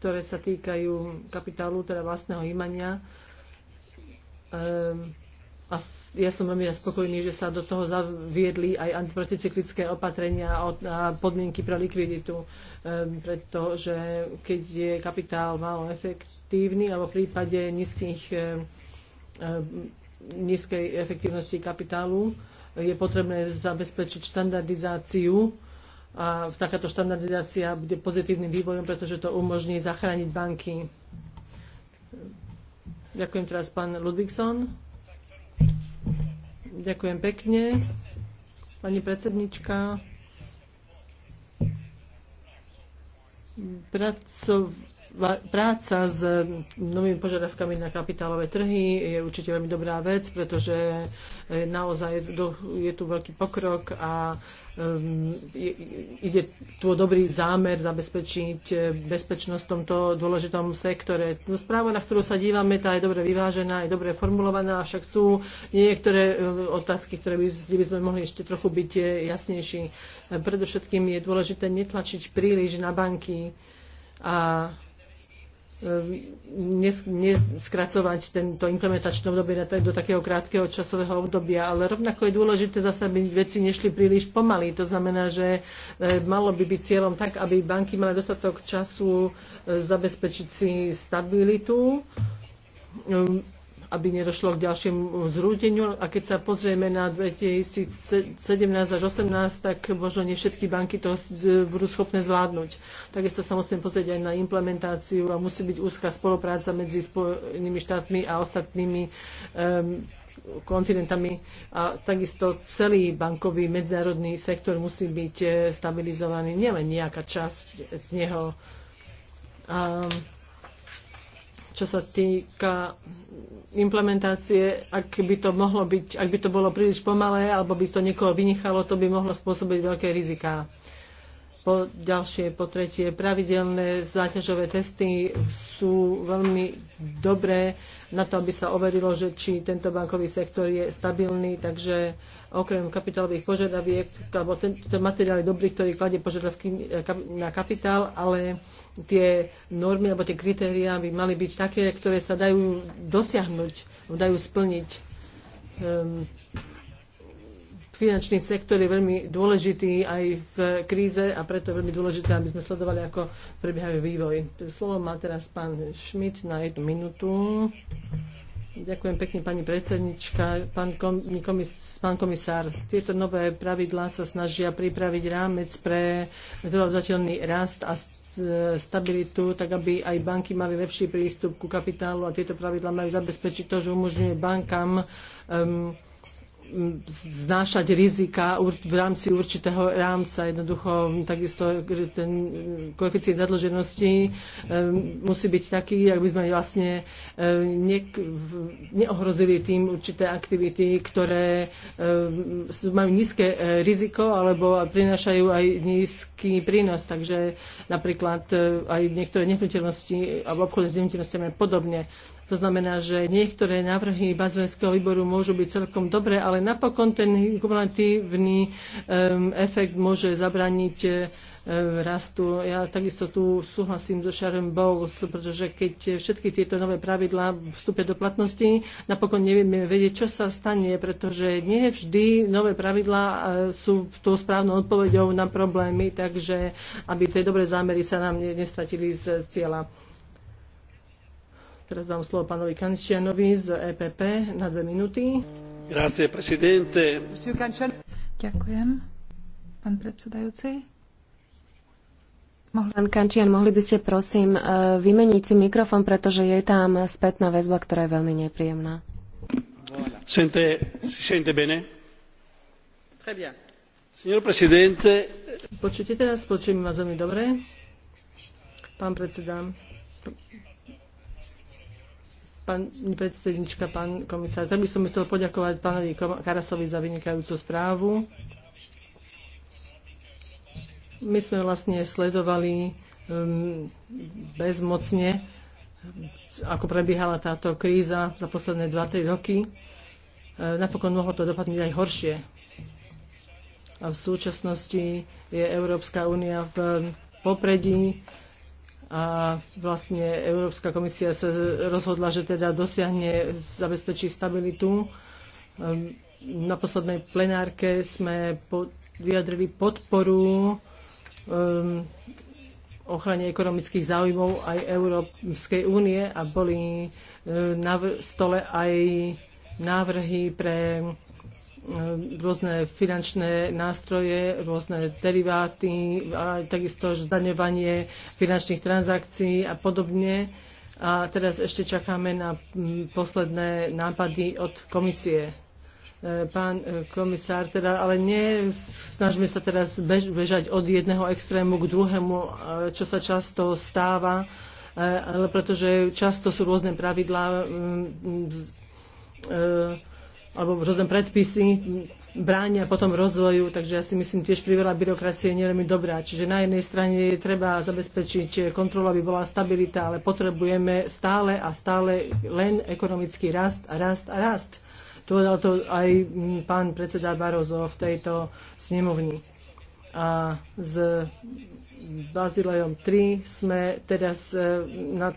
Speaker 3: ktoré sa týkajú kapitálu, teda vlastného imania, um, a ja som veľmi spokojný, že sa do toho zaviedli aj antiproticyklické opatrenia a podmienky pre likviditu, e, pretože keď je kapitál málo efektívny alebo v prípade nízkych, e, e, nízkej efektívnosti kapitálu je potrebné zabezpečiť štandardizáciu a takáto štandardizácia bude pozitívnym vývojom, pretože to umožní zachrániť banky. Ďakujem teraz pán Ludvíkson. Ďakujem pekne. Pani predsednička, práca s novými požiadavkami na kapitálové trhy je určite veľmi dobrá vec, pretože E, naozaj je tu veľký pokrok a ide tu o dobrý zámer zabezpečiť e, bezpečnosť v tomto dôležitom sektore. No, správa, na ktorú sa dívame, tá je dobre vyvážená, je dobre formulovaná, avšak sú niektoré e, otázky, ktoré by, by sme mohli ešte trochu byť jasnejší. Predovšetkým je dôležité netlačiť príliš na banky a E, neskracovať tento implementačné obdobie do takého krátkeho časového obdobia, ale rovnako je dôležité zase, aby veci nešli príliš pomaly. To znamená, že e, malo by byť cieľom tak, aby banky mali dostatok času e, zabezpečiť si stabilitu aby nedošlo k ďalšiemu zrúdeniu. A keď sa pozrieme na 2017 až 2018, tak možno nie všetky banky to budú schopné zvládnuť. Takisto sa musím pozrieť aj na implementáciu a musí byť úzka spolupráca medzi Spojenými štátmi a ostatnými um, kontinentami a takisto celý bankový medzinárodný sektor musí byť eh, stabilizovaný, nielen nejaká časť z neho. Um, čo sa týka implementácie, ak by to mohlo byť, ak by to bolo príliš pomalé, alebo by to niekoho vynechalo, to by mohlo spôsobiť veľké riziká. Po ďalšie, po tretie, pravidelné záťažové testy sú veľmi dobré na to, aby sa overilo, že či tento bankový sektor je stabilný, takže okrem kapitálových požiadaviek, alebo tento materiál je dobrý, ktorý kladie požiadavky na kapitál, ale tie normy alebo tie kritériá by mali byť také, ktoré sa dajú dosiahnuť, dajú splniť. Um, finančný sektor je veľmi dôležitý aj v kríze a preto je veľmi dôležité, aby sme sledovali, ako prebiehajú vývoj. Slovo má teraz pán Schmidt na jednu minútu. Ďakujem pekne, pani predsednička. Pán, komis, pán komisár, tieto nové pravidlá sa snažia pripraviť rámec pre trvadzateľný rast a stabilitu, tak aby aj banky mali lepší prístup ku kapitálu a tieto pravidlá majú zabezpečiť to, že umožňuje bankám um, znášať rizika v rámci určitého rámca. Jednoducho takisto ten koeficient zadlženosti ehm, musí byť taký, ak by sme vlastne ehm, neohrozili tým určité aktivity, ktoré ehm, majú nízke eh, riziko alebo prinášajú aj nízky prínos. Takže napríklad eh, aj niektoré nehnuteľnosti alebo obchodné s nehnuteľnosťami a podobne. To znamená, že niektoré návrhy bazilského výboru môžu byť celkom dobré, ale napokon ten kumulatívny um, efekt môže zabraniť um, rastu. Ja takisto tu súhlasím so Sharon Bowles, pretože keď všetky tieto nové pravidlá vstúpia do platnosti, napokon nevieme vedieť, čo sa stane, pretože nie vždy nové pravidlá eh, sú tou správnou odpoveďou na problémy, takže aby tie dobré zámery sa nám nestratili z cieľa. Teraz dám slovo pánovi Kančianovi z EPP na dve
Speaker 1: minúty. Grazie, presidente. Ďakujem, pán predsedajúci. Mohli... Pán Kančian, mohli by ste prosím e, vymeniť si mikrofón, pretože je tam spätná väzba, ktorá je veľmi nepríjemná. Sente, sente bene? Très bien. Signor presidente...
Speaker 3: Počujete teraz? Počujem vás veľmi dobre. Pán predseda, pani predsednička, pán komisár. Tak by som chcel poďakovať pánovi Karasovi za vynikajúcu správu. My sme vlastne sledovali um, bezmocne, ako prebiehala táto kríza za posledné 2-3 roky. E, napokon mohlo to dopadnúť aj horšie. A v súčasnosti je Európska únia v popredí a vlastne Európska komisia sa rozhodla, že teda dosiahne, zabezpečí stabilitu. Ehm, na poslednej plenárke sme vyjadrili podporu ehm, ochrane ekonomických záujmov aj Európskej únie a boli ehm, na stole aj návrhy pre rôzne finančné nástroje, rôzne deriváty, a takisto zdaňovanie finančných transakcií a podobne. A teraz ešte čakáme na posledné nápady od komisie. E, pán e, komisár, teda, ale nie, snažme sa teraz bež, bežať od jedného extrému k druhému, e, čo sa často stáva, ale pretože často sú rôzne pravidlá alebo rôzne predpisy bránia potom rozvoju, takže ja si myslím tiež priveľa byrokracie nie veľmi dobrá. Čiže na jednej strane je treba zabezpečiť kontrolu, aby bola stabilita, ale potrebujeme stále a stále len ekonomický rast a rast a rast. To dal to aj mm, pán predseda Barozo v tejto snemovni. A z Bazilejom 3 sme teraz e, na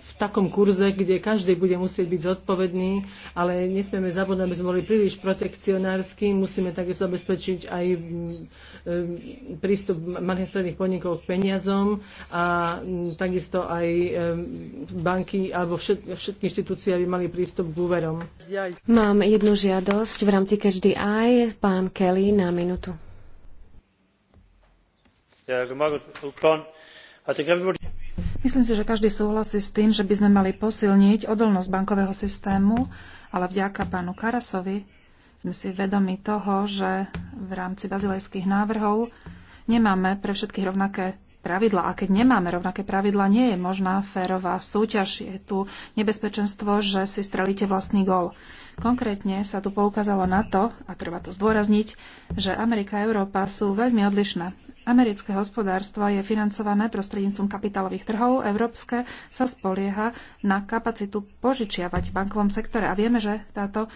Speaker 3: v takom kurze, kde každý bude musieť byť zodpovedný, ale nesmieme zabudnúť, aby sme boli príliš protekcionársky. Musíme takisto zabezpečiť aj mm, mm, prístup malých stredných podnikov k peniazom a mm, takisto aj banky alebo všetky inštitúcie, aby mali prístup k úverom. Mám
Speaker 1: jednu žiadosť v rámci každý aj pán Kelly na minútu. Yeah, Myslím si, že každý
Speaker 2: súhlasí s tým, že by sme mali posilniť odolnosť bankového systému, ale vďaka pánu Karasovi sme si vedomi toho, že v rámci bazilejských návrhov nemáme pre všetkých rovnaké pravidla. A keď nemáme rovnaké pravidla, nie je možná férová súťaž. Je tu nebezpečenstvo, že si strelíte vlastný gol. Konkrétne sa tu poukázalo na to, a treba to zdôrazniť, že Amerika a Európa sú veľmi odlišné. Americké hospodárstvo je financované prostredníctvom kapitálových trhov, európske sa spolieha na kapacitu požičiavať v bankovom sektore. A vieme, že táto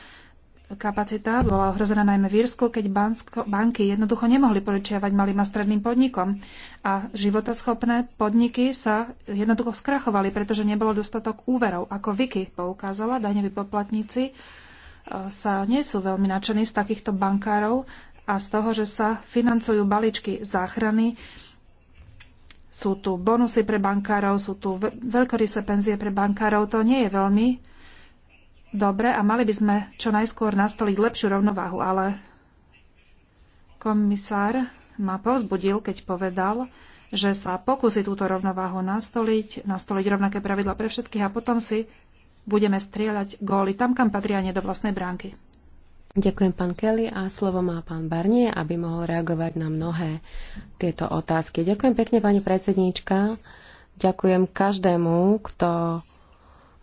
Speaker 2: kapacita bola ohrozená najmä v Írsku, keď bansko, banky jednoducho nemohli požičiavať malým a stredným podnikom. A životaschopné podniky sa jednoducho skrachovali, pretože nebolo dostatok úverov. Ako Vicky poukázala, daňoví poplatníci e, sa nie sú veľmi nadšení z takýchto bankárov a z toho, že sa financujú balíčky záchrany. Sú tu bonusy pre bankárov, sú tu veľkorysé penzie pre bankárov. To nie je veľmi dobre a mali by sme čo najskôr nastoliť lepšiu rovnováhu, ale komisár ma povzbudil, keď povedal, že sa pokusí túto rovnováhu nastoliť, nastoliť rovnaké pravidla pre všetkých a potom si budeme strieľať góly tam, kam patria, nie do vlastnej bránky.
Speaker 1: Ďakujem, pán Kelly. A slovo má pán Barnie, aby mohol reagovať na mnohé tieto otázky. Ďakujem pekne, pani predsedníčka. Ďakujem každému, kto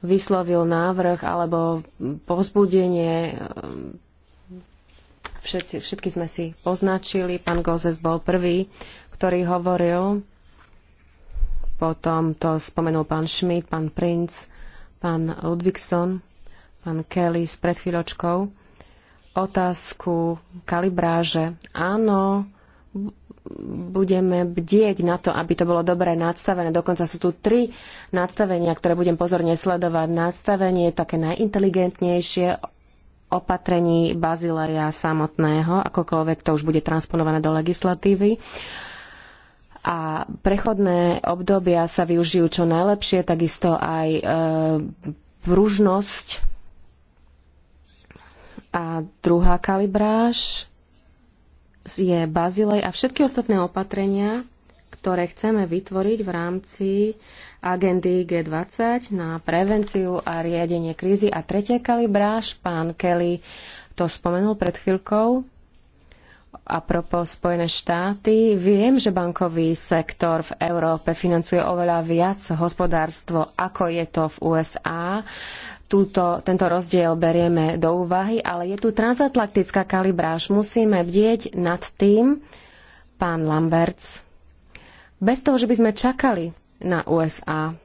Speaker 1: vyslovil návrh alebo povzbudenie. Všetci, všetky sme si poznačili. Pán Gozes bol prvý, ktorý hovoril. Potom to spomenul pán Schmidt, pán Prince, pán Ludvigson, pán Kelly s pred chvíľočkou otázku kalibráže. Áno, budeme bdieť na to, aby to bolo dobre nadstavené. Dokonca sú tu tri nadstavenia, ktoré budem pozorne sledovať. Nadstavenie je také najinteligentnejšie opatrení Bazilaria samotného, akokoľvek to už bude transponované do legislatívy. A prechodné obdobia sa využijú čo najlepšie, takisto aj e, pružnosť a druhá kalibráž je Bazilej a všetky ostatné opatrenia, ktoré chceme vytvoriť v rámci agendy G20 na prevenciu a riadenie krízy. A tretia kalibráž, pán Kelly to spomenul pred chvíľkou, a propos Spojené štáty, viem, že bankový sektor v Európe financuje oveľa viac hospodárstvo, ako je to v USA túto, tento rozdiel berieme do úvahy, ale je tu transatlantická kalibráž. Musíme bdieť nad tým, pán Lamberts, bez toho, že by sme čakali na USA.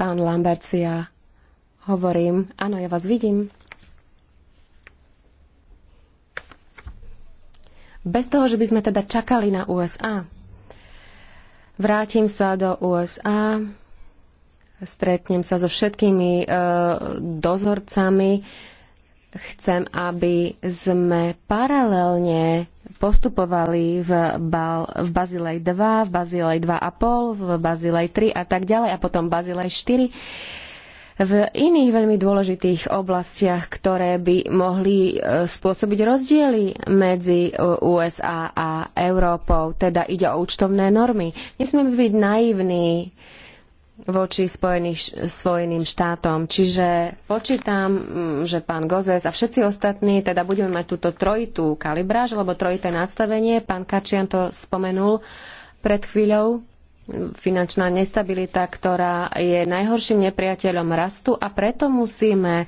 Speaker 1: Pán Lamberts, ja hovorím, áno, ja vás vidím. Bez toho, že by sme teda čakali na USA. Vrátim sa do USA Stretnem sa so všetkými e, dozorcami. Chcem, aby sme paralelne postupovali v, Bal, v Bazilej 2, v Bazilej 2,5, v Bazilej 3 a tak ďalej a potom Bazilej 4 v iných veľmi dôležitých oblastiach, ktoré by mohli e, spôsobiť rozdiely medzi e, USA a Európou, teda ide o účtovné normy. Nesmieme byť naivní voči spojených, Spojeným štátom. Čiže počítam, mm, že pán Gozes a všetci ostatní, teda budeme mať túto trojitú kalibráž, alebo trojité nastavenie. Pán Kačian to spomenul pred chvíľou. Finančná nestabilita, ktorá je najhorším nepriateľom rastu a preto musíme e,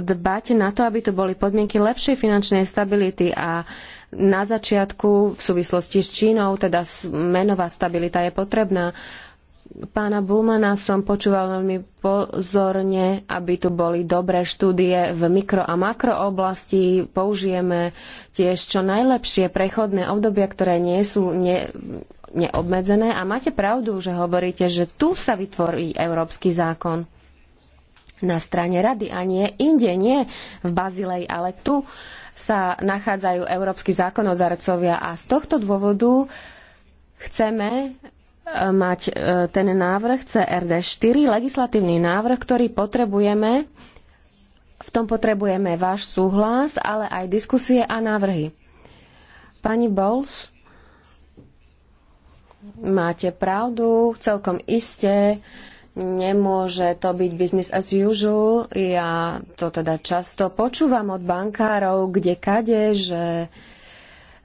Speaker 1: dbať na to, aby tu boli podmienky lepšej finančnej stability a na začiatku v súvislosti s Čínou, teda menová stabilita je potrebná pána Bulmana som počúval veľmi pozorne, aby tu boli dobré štúdie v mikro a makrooblasti. Použijeme tiež čo najlepšie prechodné obdobia, ktoré nie sú ne, neobmedzené. A máte pravdu, že hovoríte, že tu sa vytvorí európsky zákon na strane rady a nie inde, nie v Bazilej, ale tu sa nachádzajú európsky zákonodarcovia a z tohto dôvodu chceme mať e, ten návrh CRD4, legislatívny návrh, ktorý potrebujeme. V tom potrebujeme váš súhlas, ale aj diskusie a návrhy. Pani Bowles, máte pravdu, celkom iste. Nemôže to byť business as usual. Ja to teda často počúvam od bankárov, kde kade, že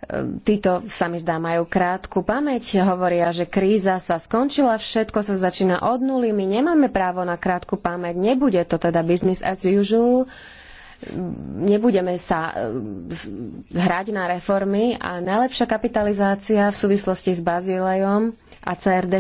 Speaker 1: Ehm, títo sa mi zdá majú krátku pamäť, hovoria, že kríza sa skončila, všetko sa začína od nuly, my nemáme právo na krátku pamäť, nebude to teda business as usual, nebudeme sa ehm, hrať na reformy a najlepšia kapitalizácia v súvislosti s Bazílejom a CRD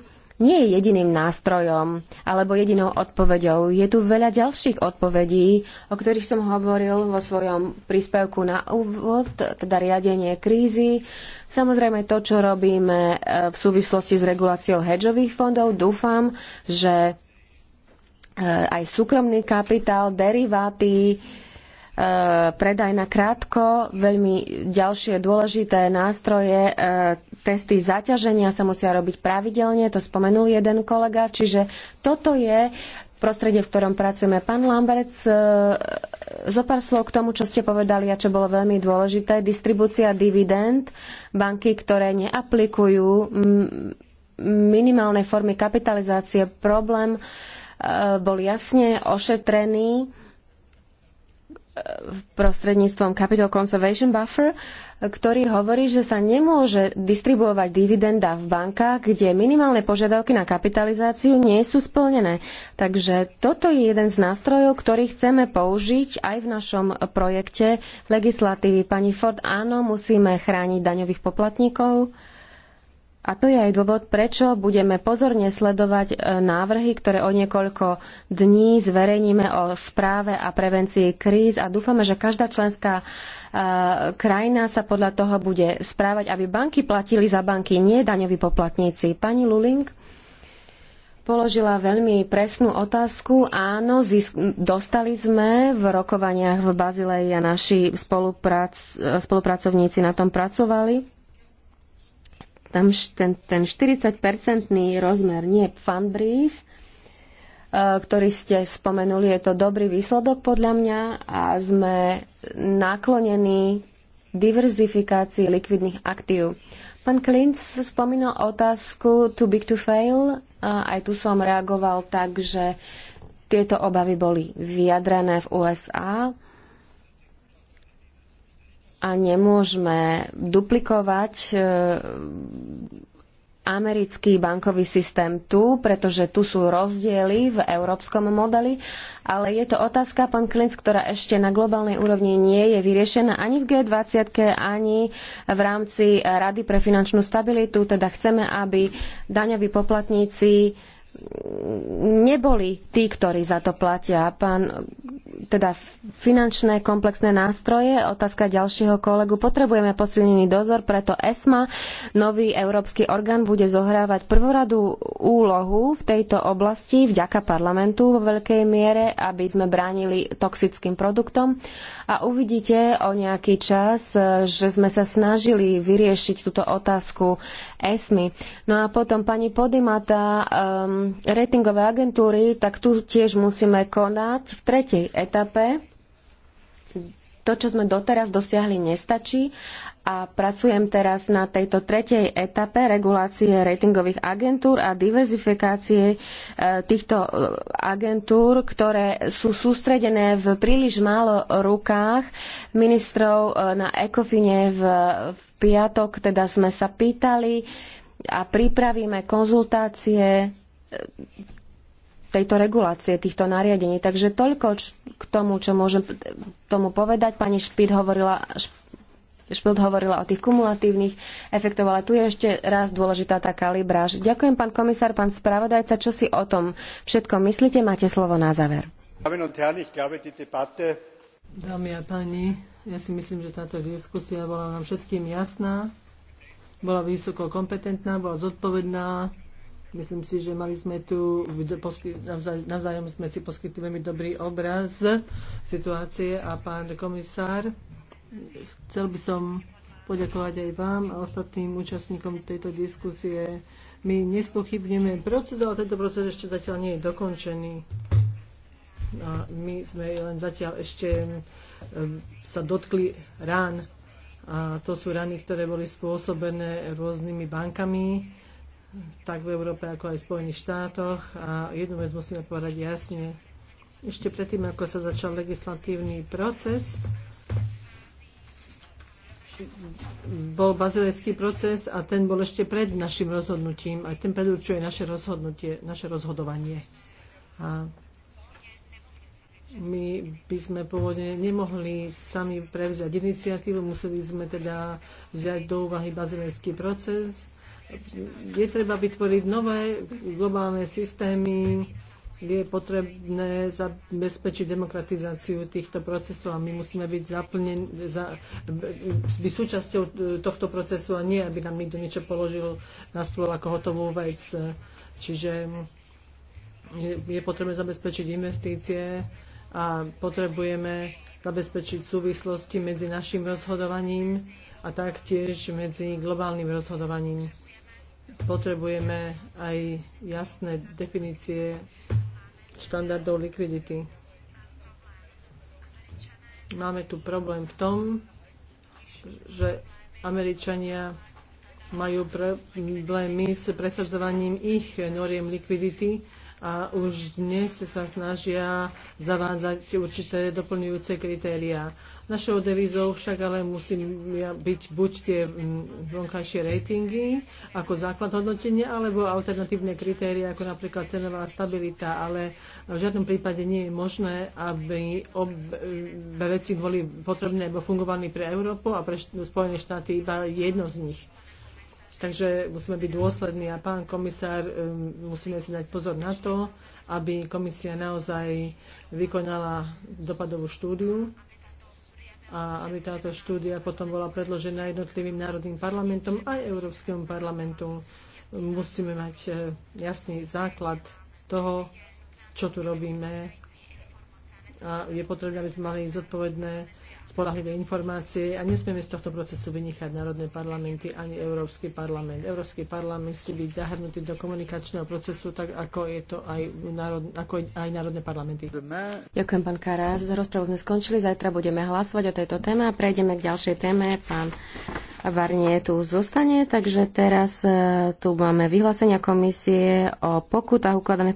Speaker 1: 4 nie je jediným nástrojom alebo jedinou odpoveďou. Je tu veľa ďalších odpovedí, o ktorých som hovoril vo svojom príspevku na úvod, teda riadenie krízy. Samozrejme to, čo robíme e, v súvislosti s reguláciou hedžových fondov, dúfam, že e, aj súkromný kapitál, deriváty, E, predaj na krátko, veľmi ďalšie dôležité nástroje, e, testy zaťaženia sa musia robiť pravidelne, to spomenul jeden kolega, čiže toto je prostredie, v ktorom pracujeme. Pán Lamberec, zo pár slov k tomu, čo ste povedali a čo bolo veľmi dôležité. Distribúcia dividend, banky, ktoré neaplikujú minimálne formy kapitalizácie, problém e, bol jasne ošetrený prostredníctvom Capital Conservation Buffer, ktorý hovorí, že sa nemôže distribuovať dividenda v bankách, kde minimálne požiadavky na kapitalizáciu nie sú splnené. Takže toto je jeden z nástrojov, ktorý chceme použiť aj v našom projekte legislatívy. Pani Ford, áno, musíme chrániť daňových poplatníkov a to je aj dôvod, prečo budeme pozorne sledovať e, návrhy, ktoré o niekoľko dní zverejníme o správe a prevencii kríz a dúfame, že každá členská e, krajina sa podľa toho bude správať, aby banky platili za banky, nie daňoví poplatníci. Pani Luling položila veľmi presnú otázku. Áno, dostali sme v rokovaniach v Bazileji a naši spoluprac e, spolupracovníci na tom pracovali tam ten, ten 40-percentný rozmer nie fan brief, e, ktorý ste spomenuli, je to dobrý výsledok podľa mňa a sme naklonení diverzifikácii likvidných aktív. Pán Klinc spomínal otázku too big to fail. A aj tu som reagoval tak, že tieto obavy boli vyjadrené v USA a nemôžeme duplikovať e, americký bankový systém tu, pretože tu sú rozdiely v európskom modeli, ale je to otázka, pán Klinc, ktorá ešte na globálnej úrovni nie je vyriešená ani v G20, ani v rámci Rady pre finančnú stabilitu. Teda chceme, aby daňoví poplatníci neboli tí, ktorí za to platia. Pán teda finančné komplexné nástroje. Otázka ďalšieho kolegu. Potrebujeme posilnený dozor, preto ESMA, nový európsky orgán, bude zohrávať prvoradú úlohu v tejto oblasti vďaka parlamentu vo veľkej miere, aby sme bránili toxickým produktom. A uvidíte o nejaký čas, že sme sa snažili vyriešiť túto otázku ESMI. No a potom pani Podimata, um, ratingové agentúry, tak tu tiež musíme konať v tretej etape. To, čo sme doteraz dosiahli, nestačí a pracujem teraz na tejto tretej etape regulácie ratingových agentúr a diverzifikácie e, týchto e, agentúr, ktoré sú sústredené v príliš málo rukách ministrov e, na ECOFINE v, v piatok, teda sme sa pýtali a pripravíme konzultácie tejto regulácie, týchto nariadení. Takže toľko k tomu, čo môžem tomu povedať. Pani Špít hovorila, Špilt hovorila o tých kumulatívnych efektov, ale tu je ešte raz dôležitá tá kalibráž. Ďakujem, pán komisár, pán spravodajca, čo si o tom všetko myslíte? Máte slovo na záver. Dámy a páni, ja si myslím, že
Speaker 3: táto diskusia bola nám všetkým jasná, bola vysoko kompetentná, bola zodpovedná, Myslím si, že mali sme tu, navzájom sme si poskytli veľmi dobrý obraz situácie a pán komisár, chcel by som poďakovať aj vám a ostatným účastníkom tejto diskusie. My nespochybneme proces, ale tento proces ešte zatiaľ nie je dokončený. A my sme len zatiaľ ešte sa dotkli rán. A to sú rany, ktoré boli spôsobené rôznymi bankami, tak v Európe, ako aj v Spojených štátoch. A jednu vec musíme povedať jasne. Ešte predtým, ako sa začal legislatívny proces, bol bazilejský proces a ten bol ešte pred našim rozhodnutím a ten predurčuje naše rozhodnutie, naše rozhodovanie. A my by sme pôvodne nemohli sami prevziať iniciatívu, museli sme teda vziať do úvahy bazilejský proces je treba vytvoriť nové globálne systémy, je potrebné zabezpečiť demokratizáciu týchto procesov a my musíme byť, zaplnen, za, by súčasťou tohto procesu a nie, aby nám niekto niečo položil na stôl ako hotovú vec. Čiže je, je potrebné zabezpečiť investície a potrebujeme zabezpečiť súvislosti medzi našim rozhodovaním a taktiež medzi globálnym rozhodovaním potrebujeme aj jasné definície štandardov likvidity. Máme tu problém v tom, že Američania majú problémy s presadzovaním ich noriem likvidity a už dnes sa snažia zavádzať určité doplňujúce kritériá. Našou devizou však ale musí byť buď tie mm, vonkajšie ratingy ako základ hodnotenia, alebo alternatívne kritéria ako napríklad cenová stabilita, ale v žiadnom prípade nie je možné, aby obe veci boli potrebné alebo fungovali pre Európu a pre Spojené štáty iba jedno z nich. Takže musíme byť dôslední a pán komisár, e, musíme si dať pozor na to, aby komisia naozaj vykonala dopadovú štúdiu a aby táto štúdia potom bola predložená jednotlivým národným parlamentom aj Európskemu parlamentu. Musíme mať e, jasný základ toho, čo tu robíme a je potrebné, aby sme mali zodpovedné spolahlivé informácie a nesmieme z tohto procesu vynechať národné parlamenty ani Európsky parlament. Európsky parlament musí byť zahrnutý do komunikačného procesu, tak ako je to aj, národ, ako aj národné parlamenty.
Speaker 1: Ďakujem, pán Karas. Rozpravu sme skončili, zajtra budeme hlasovať o tejto téme a prejdeme k ďalšej téme. Pán Varnie tu zostane, takže teraz eh, tu máme vyhlásenia komisie o pokutách
Speaker 3: ukladaných